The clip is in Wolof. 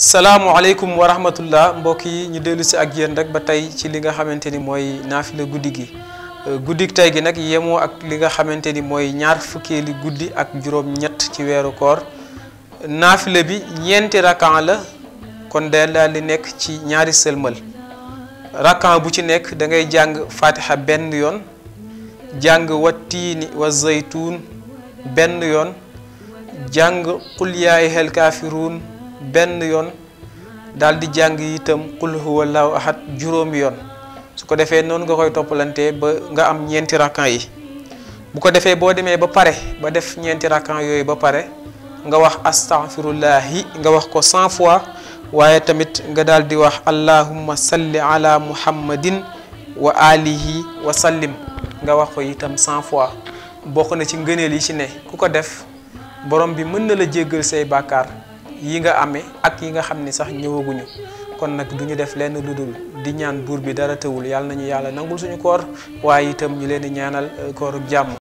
salaamualeykum wa rahmatullah mbokk yi ñu dellusi ak yéen rek ba tey ci li nga xamante ni mooy naafila guddi gi euh, guddik tey gi nag yemoo ak li nga xamante ni mooy ñaar fukkeeli guddi ak juróom-ñett ci weeru koor naafila bi ñeenti rakkan la kon day di nekk ci ñaari sëlmal rakkan bu ci nekk da ngay jàng fatiha benn yoon jàng wa tiini wa zaytuun benn yoon jàng qul yaay hel kaafiruun benn yoon daal di jàng itam qul huwallahu ahad juróomi yoon su ko defee noonu nga koy toppalantee ba nga am ñeenti rakkan yi bu ko defee boo demee ba pare ba def ñeenti rakkan yooyu ba pare nga wax astaghfirullahi nga wax ko cent fois waaye tamit nga daal di wax allahumma salli ala muhammadin wa alihi wa sallim nga wax ko itam cent fois bokk na ci ngëneel yi ci ne ku ko def borom bi mën na la jéggal say bàkkaar yi nga amee ak yi nga xam ni sax ñëwaguñu kon nag du ñu def lenn lu dul di ñaan buur bi dara tëwul yàlla na ñu yàlla nangul suñu koor waaye itam ñu leen di ñaanal uh, kooru jàmm